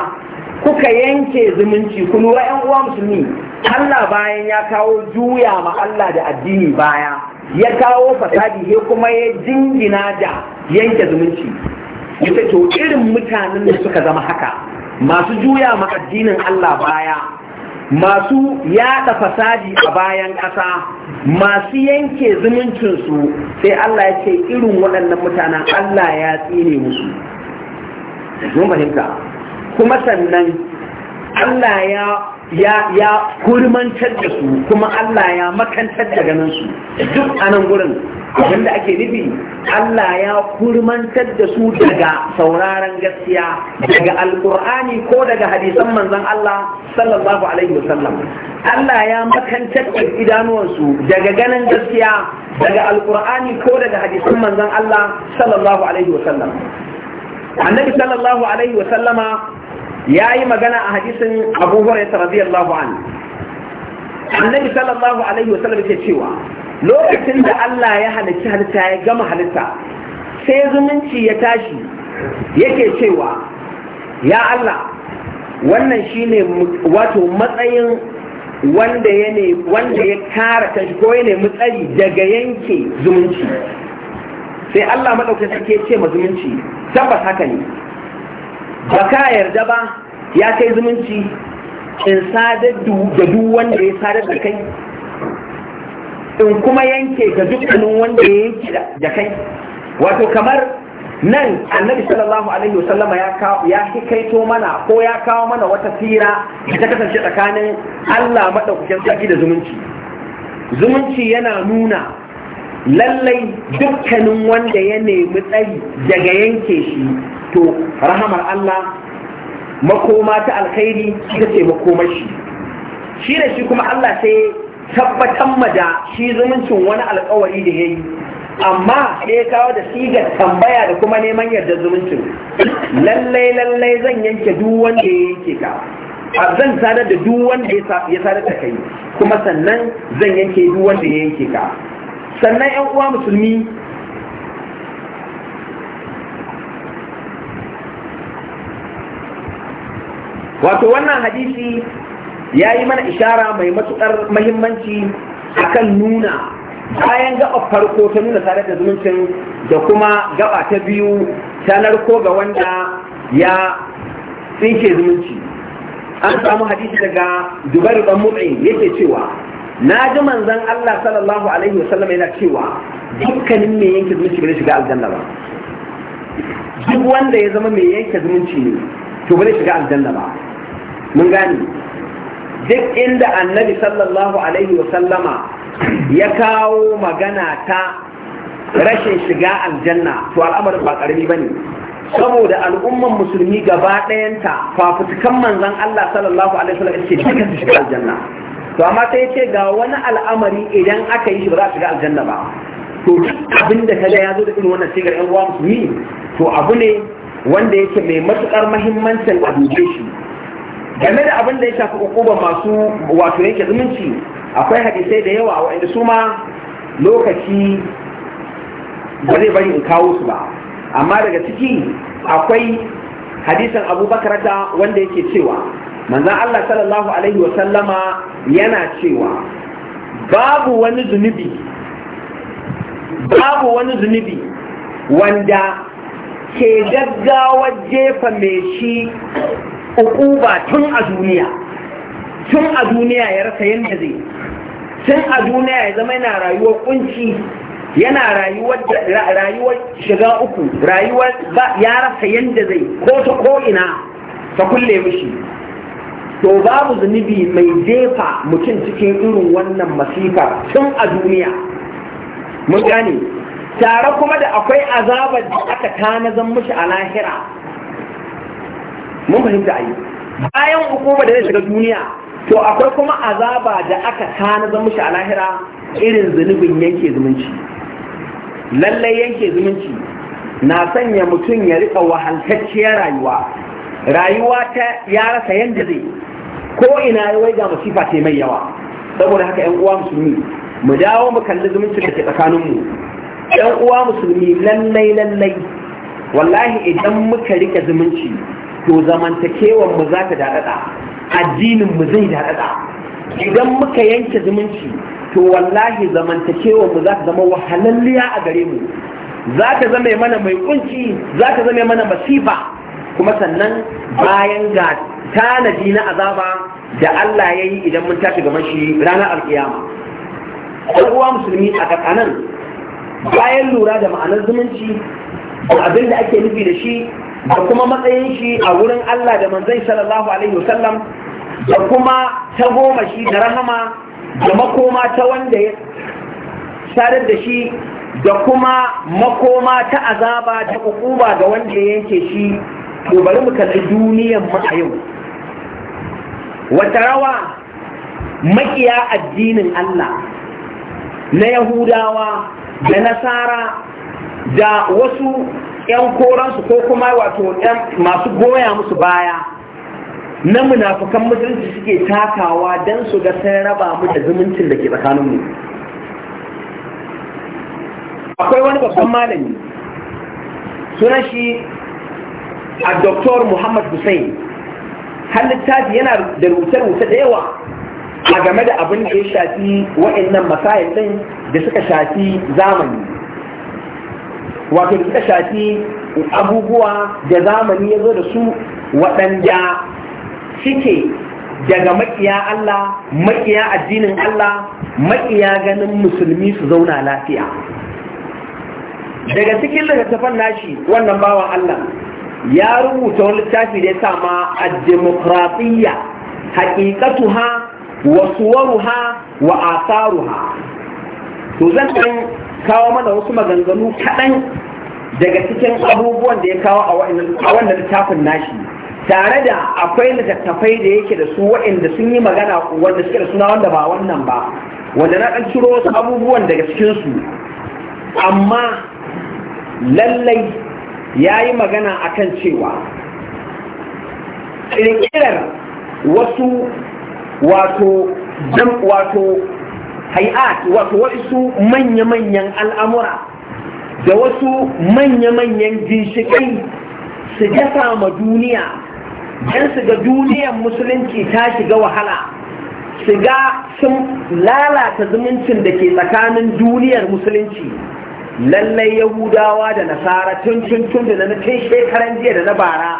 kuka yanke zumunci ku lura yan uwa musulmi Allah bayan ya kawo juya ma Allah da addini baya ya kawo fasadi ya kuma ya jingina da yanke zumunci yace to irin mutanen da suka zama haka masu juya ma addinin Allah baya masu yada fasadi a bayan ƙasa masu yanke zumuncinsu sai Allah ya ce irin waɗannan mutanen Allah ya tsine musu kuma sannan Allah ya ya ya kurmantar da su kuma Allah ya makantar da ganin su duk a nan gurin wanda ake nufi Allah ya kurmantar da su daga sauraron gaskiya daga alkur'ani ko daga hadisan manzon Allah sallallahu alaihi wasallam Allah ya makantar da idanuwansu daga ganin gaskiya daga alkur'ani ko daga hadisan manzon Allah sallallahu alaihi wasallam annabi sallallahu alaihi wasallama ya yi magana a hadisin abu hurairah radiyallahu anhu annabi sallallahu alaihi wasallam ke cewa lokacin da Allah ya halicci halitta ya gama halitta sai zumunci ya tashi yake cewa ya Allah wannan shi ne wato matsayin wanda ya ne wanda ya kara tashi ko ya nemi daga yanke zumunci sai Allah madaukakin ke ce ma zumunci tabbas haka ne ba ka yarda ba ya kai zumunci in sadar da duk wanda ya sadar da kai in kuma yanke ga dukkanin wanda ya yanke da kai wato kamar nan annabi sallallahu alaihi wasallama ya hikaito mana ko ya kawo mana wata fira da ta kasance tsakanin Allah maɗaukakin sarki da zumunci zumunci yana nuna lallai dukkanin wanda ya nemi tsari daga yanke shi to rahamar Allah makoma ta alkhairi ta ce makomar shi shi da shi kuma Allah sai ma da shi zumuncin wani alkawari da ya yi amma sai ya kawo da sigar tambaya da kuma neman yarda zumuncin lallai lallai zan yanke duk wanda ya yanke ka zan sadar da duk wanda ya sadar da kai kuma sannan zan yanke duk wanda ya yanke ka sannan yan uwa musulmi wato wannan hadisi ya yi mana ishara mai matuƙar mahimmanci akan nuna bayan gaba farko ta nuna tare da zumuncin da kuma gaba ta biyu ta narko ga wanda ya tsinke zumunci an samu hadisi daga dubar ban mutsi yake cewa na ji manzan Allah sallallahu alaihi wasallam yana cewa dukkanin mai yanke zumunci bai shiga aljanna ba duk wanda ya zama mai yanke zumunci ne to bai shiga aljanna ba mun gane duk inda annabi sallallahu alaihi wasallama ya kawo magana ta rashin shiga aljanna to al'amarin ba ba bane saboda al'umman musulmi gaba ɗayanta fafutukan manzon Allah sallallahu alaihi wasallam ce duka su shiga aljanna to amma sai ce ga wani al'amari idan aka yi shi ba za a shiga aljanna ba to abin da kaga ya zo da irin wannan sigar yan uwa musulmi to abu ne wanda yake mai matukar muhimmancin a shi game da abin da ya shafi ba masu wato yake zumunci akwai hadisai da yawa wanda su ma lokaci ba zai bari in kawo su ba amma daga ciki akwai hadisan abubakar ta wanda yake cewa manzan Allah sallallahu alaihi wa yana cewa babu wani zunubi babu wani zunubi wanda ke gaggawa jefa mai shi uquba tun a duniya tun a duniya ya rasa yadda zai tun a duniya ya zama yana rayuwar kunci yana rayuwar shiga uku rayuwar ya rasa yadda zai ko ta ko'ina ta kulle mishi to babu zunubi mai jefa mutum cikin irin wannan masifa tun a duniya mun gane tare kuma da akwai azabar da aka tanazan mishi a lahira mun fahimta ai bayan hukuma da zai shiga duniya to akwai kuma azaba da aka zan mushi a lahira irin zunubin yanke zumunci lallai yanke zumunci na sanya mutum ya rika wahaltacciyar rayuwa rayuwa ta ya rasa yanda zai ko ina ya wai ga masifa ce mai yawa saboda haka yan uwa musulmi mu dawo mu kalli zumunci da ke mu yan uwa musulmi lallai lallai wallahi idan muka rike zumunci to zamantakewan mu za ta daɗaɗa addinin mu zai daɗaɗa idan muka yanke zumunci to wallahi zamantakewan mu za ta zama wahalalliya a gare mu za ta zama mana mai kunci za ta zama mana masifa kuma sannan bayan ga tanadi na azaba da Allah ya yi idan mun tashi gaban shi ranar alkiyama uwa musulmi a kakanan bayan lura da ma'anar zumunci abin da ake nufi da shi da kuma matsayin shi a wurin Allah da manzai sallallahu alaihi wasallam da kuma ta goma shi da rahama da makoma ta wanda ya sadar da shi da kuma makoma ta azaba ta hukuma ga wanda ya yanke shi to bari mu kalli duniyan mu a yau wata rawa makiya addinin Allah na Yahudawa da Nasara da wasu 'yan koransu ko kuma wato masu goya musu baya na munafukan mutunci suke takawa don su ga sai raba mu da zumuncin da ke tsakaninmu akwai wani babban malami suna shi a doktor muhammad hussein har littafi yana da rubuce rubuta da yawa a game da abin da ya shafi nan masayin din da suka shafi zamani wato da suka shafi abubuwa da zamani ya zo da su waɗanda suke daga makiya Allah makiya addinin Allah makiya ganin musulmi su zauna lafiya daga cikin littattafan nashi wannan bawan Allah ya rubuta wani littafi da ya sama ad-demokratiyya ha, wa suwaruha wa asaruha to zan kawo mana wasu maganganu kaɗan daga cikin abubuwan da ya kawo a wannan littafin nashi tare da akwai littattafai da yake da su waɗanda sun yi magana wanda suke da suna wanda ba wannan ba wanda na ɗan ciro wasu abubuwan daga cikinsu amma lallai ya yi magana a kan cewa ƙirƙirar wasu wato wato hay'at wato wasu manya-manyan al'amura da wasu manya-manyan ginshiƙai su gasa ma duniya don su ga duniyar musulunci ta shiga wahala su ga sun lalata zumuncin da ke tsakanin duniyar musulunci lallai yahudawa da nasara tun tun tun da na tun shekaran jiya da na bara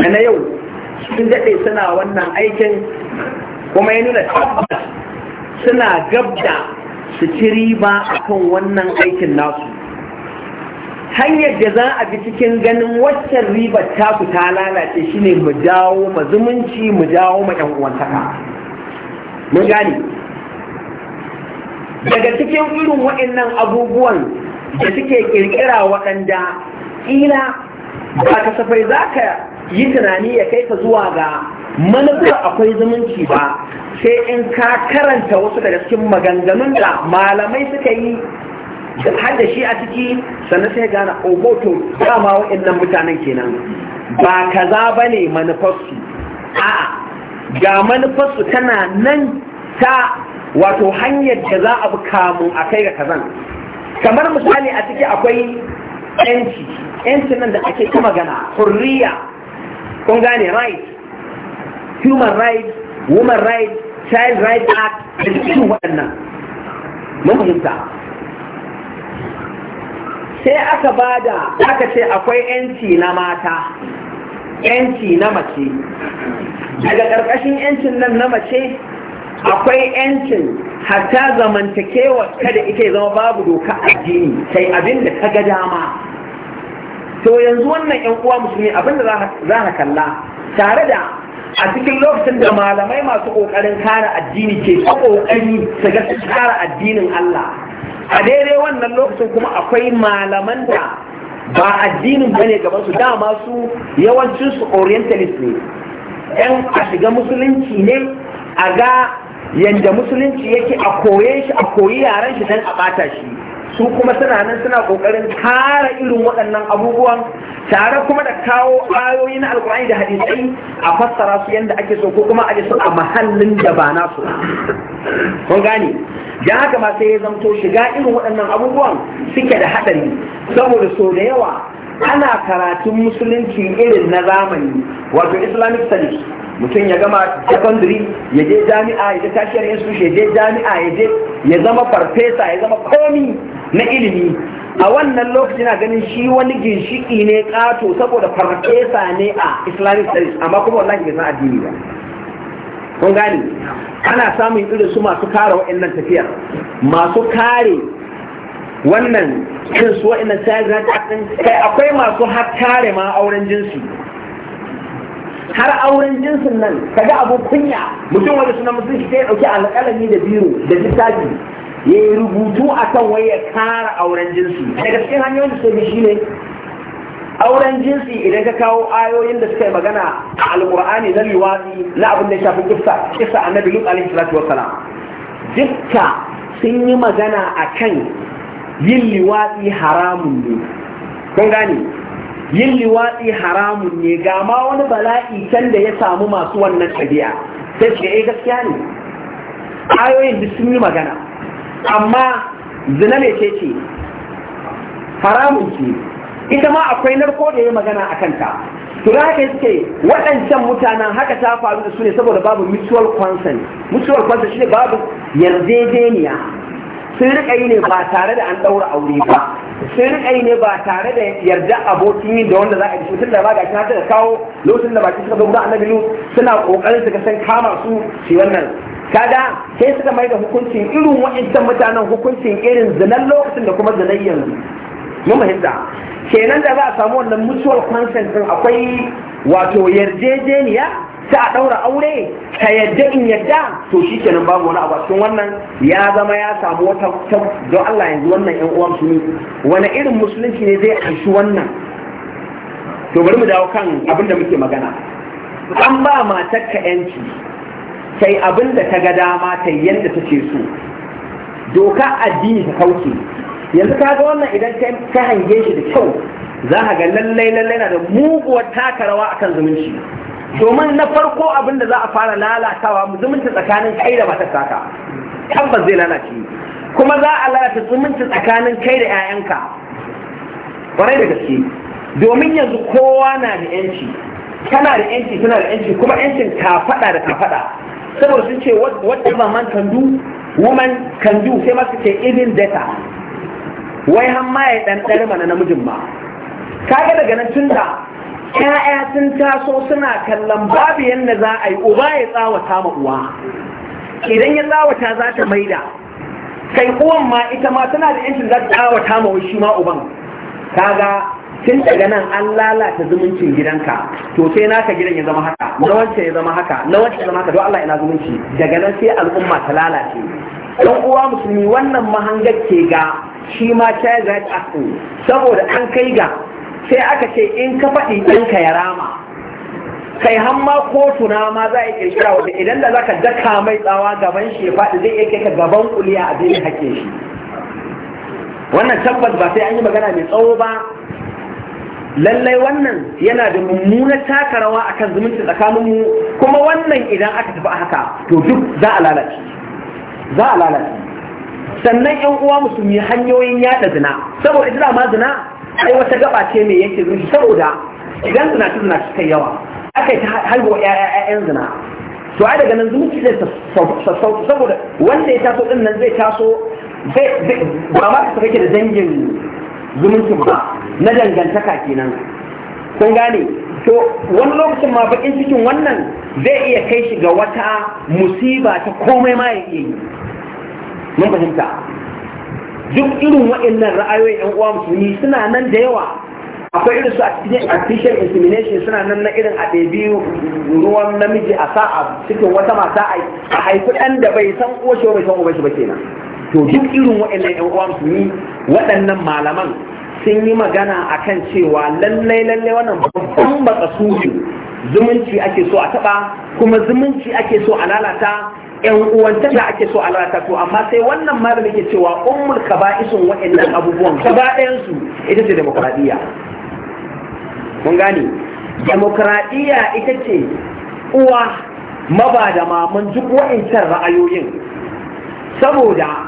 da na yau sun daɗe suna wannan aikin kuma ya nuna tabbas suna gabda su ci riba akan wannan aikin nasu hanyar da za a bi cikin ganin waccan ribar taku ta lalace shine mu dawo ma zumunci mu dawo ma yan uwantaka mun gane daga cikin irin waɗannan abubuwan da suke ƙirƙira waɗanda ƙila ba kasafai za ka yi tunani ya kai ka zuwa ga manufar akwai zumunci ba sai in ka karanta wasu daga cikin maganganun da malamai suka yi har da shi a ciki sannan sai gane omoto oh, dama waɗannan mutanen kenan ba kaza ba ne manufarsu a'a ga manufarsu tana nan ta wato hanyar da za a bi kamu a kai ga kazan kamar misali a ciki akwai yanci yanci nan da ake ta magana hurriya kun gane right human rights woman rights child rights act da cikin waɗannan mun fahimta sai aka ba da aka ce akwai yanci na mata yanci na mace daga ƙarƙashin yancin nan na mace akwai yancin hatta zamantakewa kada ita zama babu doka addini sai abin da ta ga dama to yanzu wannan yan uwa musulmi abin da za ka kalla tare da a cikin lokacin da malamai masu kokarin kare addini ke ta kokari su ga kare addinin Allah a daidai wannan lokacin kuma akwai malaman da ba addinin bane gaban su dama su yawancin su orientalist ne yan a shiga musulunci ne a ga yadda musulunci yake a koye shi a koyi yaren shi dan a bata shi su kuma suna nan suna kokarin kare irin waɗannan abubuwan tare kuma da kawo ayoyi na alkur'ani da hadisai a fassara su yadda ake so ko kuma aje su a mahallin da ba nasu kun gane da haka ma sai ya zamto shiga irin waɗannan abubuwan suke da haɗari saboda so da yawa ana karatun musulunci irin na zamani wato islamic studies mutum ya gama secondary ya je jami'a ya je tashiyar institution ya je jami'a ya je ya zama farfesa ya zama komi na ilimi a wannan lokaci na ganin shi wani ginshiki ne kato saboda farfesa ne a islamic studies amma kuma wallahi bai san addini ba kun gani ana samun irin su masu kare wa'annan tafiyar masu kare wannan cin su wa'annan tsarin kai akwai masu har kare ma auren jinsi har auren jinsin nan kaga abu kunya mutum wani suna mutum shi yi dauki alƙalami da biro da littafi ya yi rubutu a kan wai ya kara auren jinsi daga cikin hanyoyin da suka bi shine auren jinsi idan ka kawo ayoyin da suka yi magana a alkur'ani na liwatsi na abin da ya shafi kissa kissa annabi lut alaihi salatu wassalam dukka sun yi magana a kan yin liwatsi haramun ne kun gane yin liwatsi haramun ne ga ma wani bala'i can da ya samu masu wannan tabi'a sai ce yi eh, gaskiya ne ayoyin duk sun yi magana amma zina ne ce ce haramun ce ita ma akwai narko da ya magana a kanta to da haka suke waɗancan mutanen haka ta faru da su ne saboda babu mutual consent mutual consent shine babu yarjejeniya sun rika yi ne ba tare da an ɗaura aure ba sun rika yi ne ba tare da yarda abokin yin da wanda za a yi mutum da ba ga kina da kawo lokacin da shi suka zo gudan annabi suna kokarin su ga san kama su shi wannan Kada sai suka mai da hukuncin irin wa'ancan mutanen hukuncin irin zinan lokacin da kuma zinan yanzu mun mahimta kenan da za a samu wannan mutual consent din akwai wato yarjejeniya ta a ɗaura aure ka yadda in yadda to shi kenan babu wani abu cikin wannan ya zama ya samu wata don Allah yanzu wannan yan uwan su wani irin musulunci ne zai anshi wannan to bari mu dawo kan abin da muke magana an ba matar yanci sai abin da ta ga dama ta yadda take so doka addini ta kauce yanzu ka ga wannan idan ka hange shi da kyau za ka ga lallai lallai na da muguwar taka rawa akan zumunci domin na farko abin da za a fara lalatawa zumunci tsakanin kai da matar saka tabbas zai lalace kuma za a lalata zumunci tsakanin kai da 'ya'yanka kwarai da gaske domin yanzu kowa na da yanci kana da yanci tana da yanci kuma yancin ka faɗa da ka faɗa saboda sun ce ever man can do woman can do sai masu ce even better wai har ma ya dan dare mana namijin ma kaga daga nan tun da ƴaƴa sun taso suna kallon babu yadda za a yi uba ya tsawata ma uwa idan ya tsawata za ta maida kai uwan ma ita ma tana da yancin za ta tsawata ma wai shi ma uban kaga tun daga nan an lalata zumuncin gidanka to sai naka gidan ya zama haka na wancan ya zama haka na wancan ya zama haka don Allah ina zumunci daga nan sai al'umma ta lalace dan uwa musulmi wannan mahangar ke ga shi ma child right act saboda an kai ga sai aka ce in ka faɗi ɗanka ya rama kai hamma kotu na ma za a kirkira wanda idan da zaka daka mai tsawa gaban shi ya faɗi zai iya kai ka gaban kuliya a bin hake shi wannan tabbas ba sai an yi magana mai tsawo ba lallai wannan yana da mummunar taka rawa akan zumunci tsakaninmu kuma wannan idan aka tafi haka to duk za a lalace za a lalace sannan yan uwa musulmi hanyoyin yada zina saboda ita ma zina ai wata gaba ce mai yake zuci saboda idan zina ta zina ta yawa aka yi ta haihuwa ƴaƴan zina to ai daga nan zumunci zai sassauta saboda wanda ya taso din nan zai taso ba ma ka kake da dangin zumuncin ba na dangantaka kenan kun gane to wani lokacin ma bakin cikin wannan zai iya kai shi ga wata musiba ta komai ma ya iya yi mun fahimta duk irin waɗannan ra'ayoyin yan uwa musulmi suna nan da yawa akwai irin su artificial insemination suna nan na irin a ɗabi ruwan namiji a sa'a cikin wata mata a haifu ɗan da bai san ba bai san uwa shi ba kenan to duk irin waɗannan ƴan su ni waɗannan malaman sun yi magana a kan cewa lallai lallai wannan babban matsasuri zumunci ake so a taɓa kuma zumunci ake so a lalata ƴan uwanta da ake so a lalata to amma sai wannan da muke cewa ummul kaba'isun waɗannan abubuwan gaba ɗayansu ita ce demokradiyya mun gane ita ce uwa maba da maman duk wa'incan ra'ayoyin saboda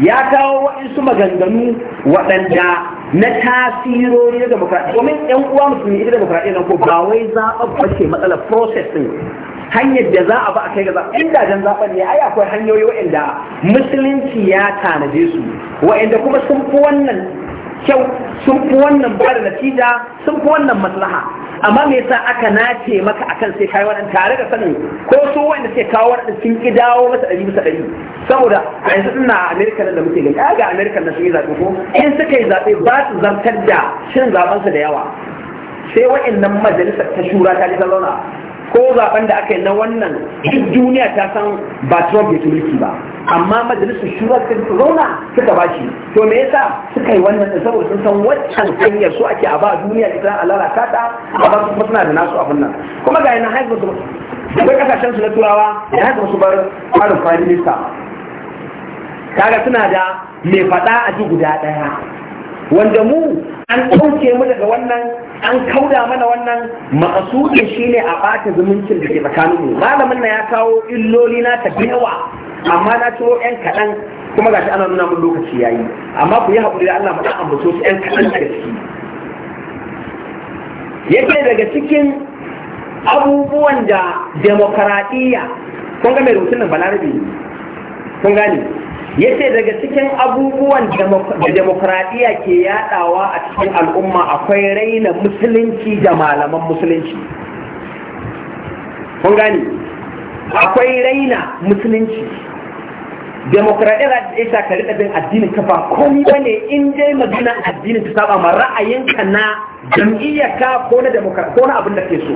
ya kawo waɗansu maganganu waɗanda na tasirori na demokradiyya domin yan uwa musulmi ita demokradiyya na ko ba wai zaɓa ba ce matsalar process ɗin hanyar da za a ba a kai ga zaɓa inda dan zaɓa ne ai akwai hanyoyi waɗanda musulunci ya tanaje su waɗanda kuma sun fi wannan kyau sun fi wannan ba da natija sun fi wannan maslaha amma me yasa aka nace maka akan sai kai wannan tare da sanin ko su wanda sai kawo wannan sun ki dawo masa ɗari bisa ɗari saboda a yanzu ina a Amerika nan da muke gani ga america nan sun yi zaɓe ko in suka yi zaɓe ba su zartar da shin su da yawa sai wa'annan majalisar ta shura ta ji zauna ko zaben da aka yi na wannan duk duniya ta san ba Trump ya mulki ba amma majalisar shura ta zauna suka ba shi to me yasa suka yi wannan da saboda sun san waccan hanyar su ake a ba duniya ita a lalata ta a ba su suna da nasu abin nan kuma ga yana haifar su akwai kasashen su na turawa ya haifar su bar tsarin prime minister kaga suna da mai faɗa a ji guda ɗaya wanda mu an ɗauke mu daga wannan an kauda mana wannan makasudin shine a ɓata zumuncin da ke tsakanin mu malamin na ya kawo illoli na ta yawa amma na ciro yan kaɗan kuma gashi ana nuna mun lokaci yayi amma ku yi haƙuri da Allah mu dan ambato su yan kaɗan daga ciki yake daga cikin abubuwan da demokaradiyya kun ga mai rubutun balarabe kun gane yace daga cikin abubuwan da demokradiyya ke yadawa a cikin al'umma akwai raina musulunci da malaman musulunci kun gani akwai raina musulunci demokradiyya isa ka da bin addinin ka ba komai bane in dai magana addinin ta saba ma ra'ayinka na jam'iyyarka ko na abin da ke so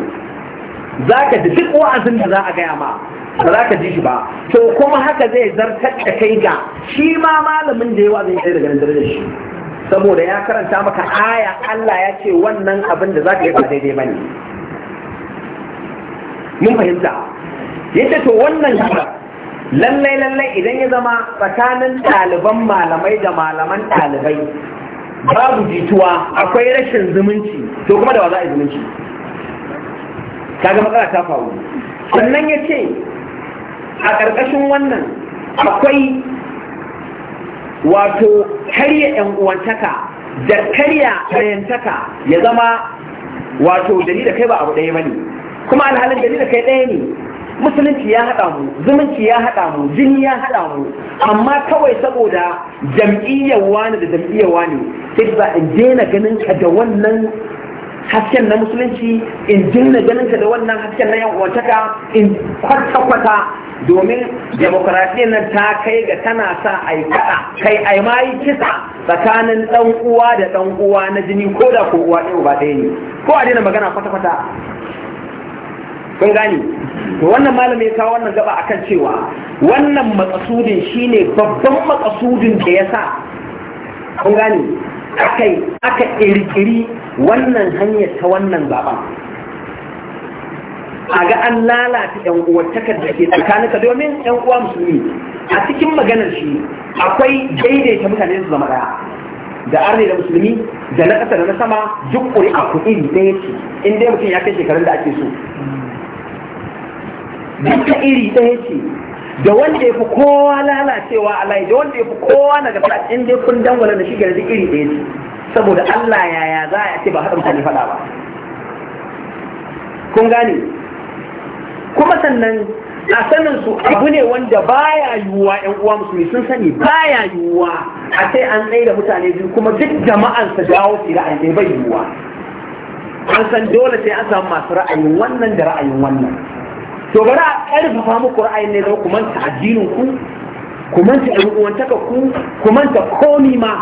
zaka da duk wa'azin da za a gaya ma ba za ka ji shi ba to kuma haka zai zartar da kai ga shi ma malamin da yawa zai tsaye daga nan da shi saboda ya karanta maka aya Allah ya ce wannan abin da za ka yi ba daidai ba ne mun fahimta yadda to wannan shi lallai lallai idan ya zama tsakanin ɗaliban malamai da malaman ɗalibai babu jituwa akwai rashin zumunci to kuma da wa za a yi zumunci kaga matsala ta faru sannan ya ce a ƙarƙashin wannan akwai wato karya ‘yan uwantaka da karya ɗayantaka ya zama wato dali da kai ba abu ɗaya ba ne. kuma alhalin dali da kai ɗaya ne musulunci ya haɗa mu zumunci ya haɗa mu jini ya haɗa mu amma kawai saboda jam'iyyar wani da jam'iyyar wani sai ba in daina ganin ka da wannan hasken na musulunci in daina ganin ka da wannan hasken na yan uwantaka in kwata-kwata domin demokradiyyar nan ta kai ga tana sa a yi kaɗa kai a yi kisa tsakanin ɗan uwa da ɗan uwa na jini ko da ko uwa ɗaya ba ɗaya ne ko a daina magana kwata-kwata kun gani to wannan malami ya kawo wannan gaba akan cewa wannan makasudin shine babban makasudin da ya sa kun gani aka aka kirkiri wannan hanyar ta wannan zaben a ga an lalata yan uwartakar da ke tsakaninka domin yan uwa musulmi a cikin maganar shi akwai daidaita mutane su zama ɗaya, da arne da musulmi da na ƙasa da na sama duk ƙuri a kuɗi ɗaya ce in dai mutum ya kai shekarun da ake so duka iri ɗaya ce da wanda ya fi kowa lalacewa a layi da wanda ya fi kowa na gaba in dai kun dangwala da shi ga duk iri ɗaya ce saboda Allah yaya za a ce ba haɗa mutane faɗa ba kun gane kuma sannan a sanin su abu ne wanda baya yiwuwa yan uwa musulmi sun sani baya yiwuwa a sai an tsaye da mutane biyu kuma duk jama'an su dawo su ra'ayi dai bai yiwuwa an san dole sai an samu masu ra'ayin wannan da ra'ayin wannan to bari a karfafa muku ra'ayin ne zama ku manta addinin ku ku manta ɗan ku ku manta komi ma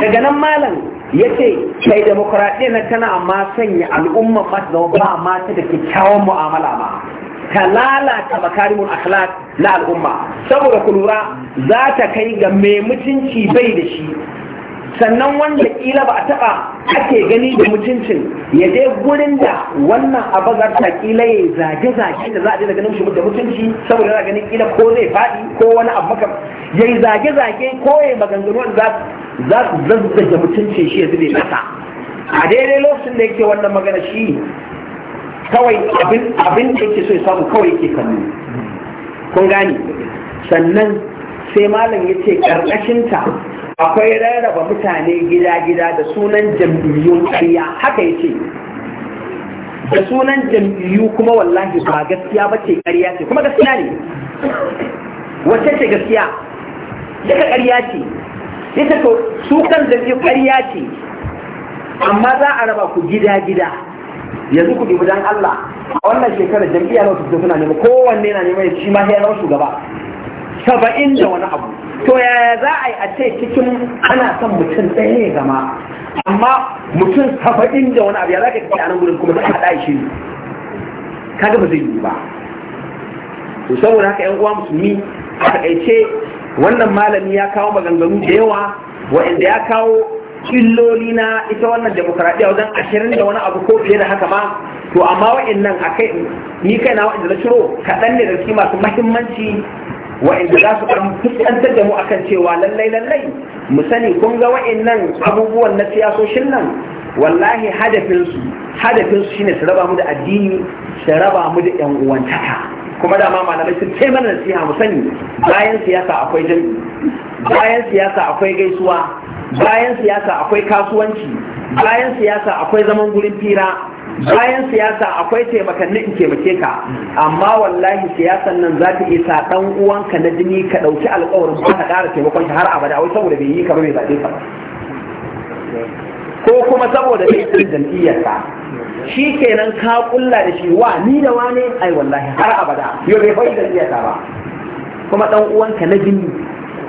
daga nan malam ya ce kai demokuraɗiyya na tana amma sanya al'umma ba ba ta da kyakkyawan mu'amala ba ta lalata makarimun akhlaq na al'umma saboda ku lura za ta kai ga mai mutunci bai da shi sannan wanda kila ba a taɓa ake gani da mutuncin ya je gurin da wannan abagar ta kila ya zage zage da za a je da ganin shi da mutunci saboda za ganin kila ko zai faɗi ko wani abu ya yi zage zage ko ya maganganu za za su da mutuncin shi ya zube nasa. a daidai lokacin da yake wannan magana shi kawai abin da yake so ya samu kawai yake kallo kun gane sannan sai malam ya ce karkashinta akwai rarraba mutane gida-gida da sunan jam'iyyun ƙarya haka ya ce da sunan jam'iyyu kuma wallahi ba gaskiya ba ce ƙarya ce kuma gaskiya ne wacce ce gaskiya daga ƙarya ce ita to su kan da ke ƙarya ce amma za a raba ku gida gida yanzu ku dubu dan Allah a wannan shekarar jam'iyya na wasu suna nemi kowanne na nema shi ma ya wasu shugaba saba'in da wani abu to yaya za a yi a ce cikin ana son mutum ɗaya ne zama amma mutum saba'in da wani abu ya za ka kake a nan gudun kuma za a haɗa shi ne kaga ba zai yi ba to saboda haka yan uwa musulmi a taƙaice wannan malami ya kawo maganganu da yawa wa'anda ya kawo illoli na ita wannan demokradiyya wajen ashirin da wani abu ko fiye da haka ba, to amma wa'in nan a kai ni kai na wa'in da na ciro kaɗan ne da su masu mahimmanci da za su ɗan fuskantar da mu akan cewa lallai lallai mu sani kun ga wa'in nan abubuwan na siyasoshin nan wallahi hadafinsu hadafinsu shine su raba mu da addini su raba mu da 'yan uwantaka kuma da ma malamai sun ce mana nasiha mu sani bayan siyasa akwai jami'i bayan siyasa akwai gaisuwa bayan siyasa akwai kasuwanci bayan siyasa akwai zaman gurin fira bayan siyasa akwai taimakanni in taimake ka amma wallahi siyasan nan za ta isa dan uwanka na jini ka dauki alƙawarin ba ka ƙara taimakon shi har abada wai saboda bai yi ka ba bai zaɓe ka ko kuma saboda bai san jam'iyyarka shi kenan ka kulla da shi wa ni da wane ai wallahi har abada yau bai bai da niyyata ba kuma dan uwanka na jini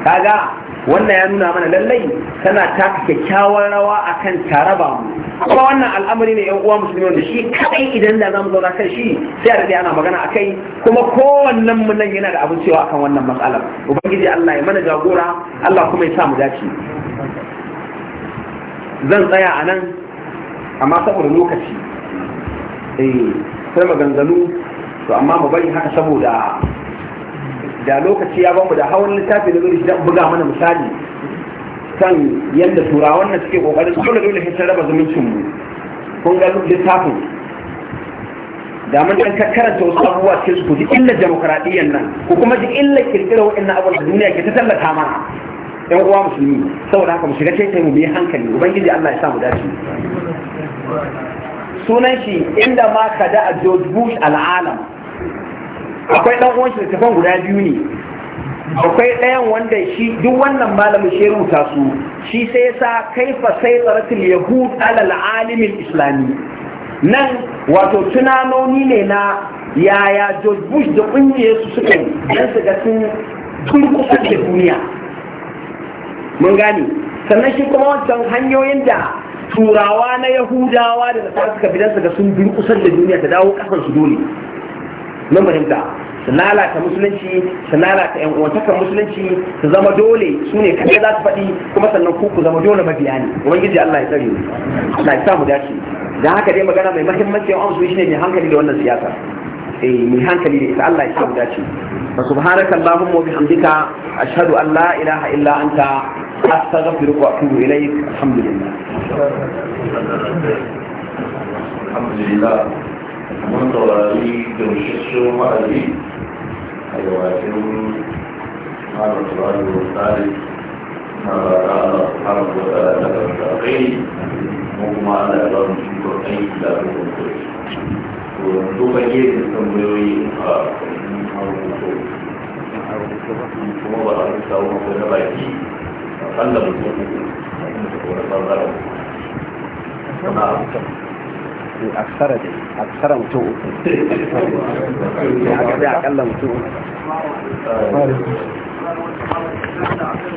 kaga wannan ya nuna mana lallai tana taka kyakkyawar rawa akan taraba mu kuma wannan al'amari ne yan uwa musulmi wanda shi kadai idan da zamu zauna kan shi sai rage ana magana akai kuma kowannen mu nan yana da abin cewa akan wannan matsalar ubangiji Allah ya mana jagora Allah kuma ya sa mu dace zan tsaya a nan amma saboda lokaci sai eh, maganganu to amma mu bari haka saboda da lokaci ya bamu da hawan littafi da zuri dan buga mana misali kan yadda turawan nan suke kokarin dole dole sai raba zumuncin mu kun ga littafin da mun dan karanta wasu abubuwa cikin su ji illa demokradiyyar nan ko kuma ji illa kirkira wa'annan abubuwa da duniya ke ta tallata mana yan uwa musulmi saboda haka mu shiga cikin mu bi hankali ubangiji Allah ya sa mu dace sunan shi inda ma ka da a George Bush al'alam akwai ɗan uwan shi tafan guda biyu ne akwai ɗayan wanda shi duk wannan malamin shi rubuta su shi sai ya sa kaifa sai tsaratul yahud alal alimin islami nan wato tunanoni ne na yaya George Bush da ƙungiyar su suka yi su ga sun turkusa da duniya mun gane sannan shi kuma wancan hanyoyin da turawa na yahudawa da ta suka fitar suka sun kusan da duniya ta dawo kasar su dole mun fahimta su lalata musulunci su lalata yan uwantakan musulunci su zama dole su ne kai za su faɗi kuma sannan ku ku zama dole mabiya ne ubangiji Allah ya tsare mu Allah ya sa mu dace dan haka dai magana mai muhimmanci an su shine mai hankali da wannan siyasa eh mai hankali da ita Allah ya sa mu dace subhanakallahumma wa bihamdika ashhadu an la ilaha illa anta أستغفر وأتوب إليك الحمد لله الحمد لله من طوالي دوشش ومعلي حيواتهم أيوة، على طوال والثالث حرب وثلاثة الشرقين akalla mutum uku ne eh. mutum uku